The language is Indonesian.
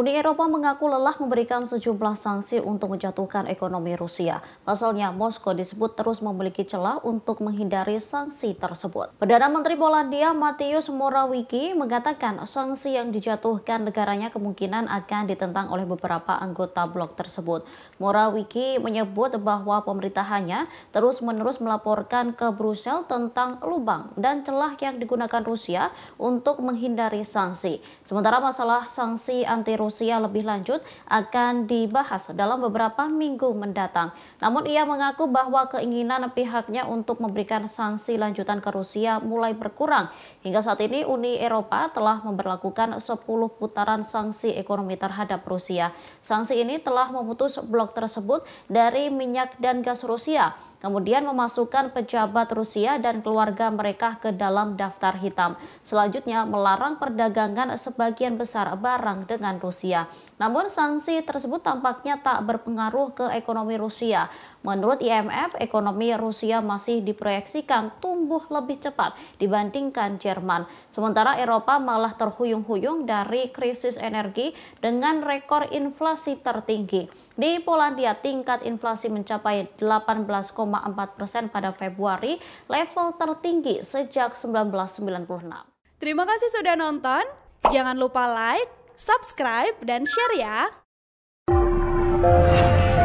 Uni Eropa mengaku lelah memberikan sejumlah sanksi untuk menjatuhkan ekonomi Rusia. Pasalnya, Moskow disebut terus memiliki celah untuk menghindari sanksi tersebut. Perdana Menteri Polandia Mateusz Morawiecki mengatakan sanksi yang dijatuhkan negaranya kemungkinan akan ditentang oleh beberapa anggota blok tersebut. Morawiecki menyebut bahwa pemerintahannya terus-menerus melaporkan ke Brussel tentang lubang dan celah yang digunakan Rusia untuk menghindari sanksi. Sementara masalah sanksi anti-Rusia Rusia lebih lanjut akan dibahas dalam beberapa minggu mendatang. Namun ia mengaku bahwa keinginan pihaknya untuk memberikan sanksi lanjutan ke Rusia mulai berkurang. Hingga saat ini Uni Eropa telah memperlakukan 10 putaran sanksi ekonomi terhadap Rusia. Sanksi ini telah memutus blok tersebut dari minyak dan gas Rusia kemudian memasukkan pejabat Rusia dan keluarga mereka ke dalam daftar hitam. Selanjutnya melarang perdagangan sebagian besar barang dengan Rusia. Namun sanksi tersebut tampaknya tak berpengaruh ke ekonomi Rusia. Menurut IMF, ekonomi Rusia masih diproyeksikan tumbuh lebih cepat dibandingkan Jerman. Sementara Eropa malah terhuyung-huyung dari krisis energi dengan rekor inflasi tertinggi. Di Polandia, tingkat inflasi mencapai 18,4 persen pada Februari, level tertinggi sejak 1996. Terima kasih sudah nonton. Jangan lupa like, subscribe, dan share ya.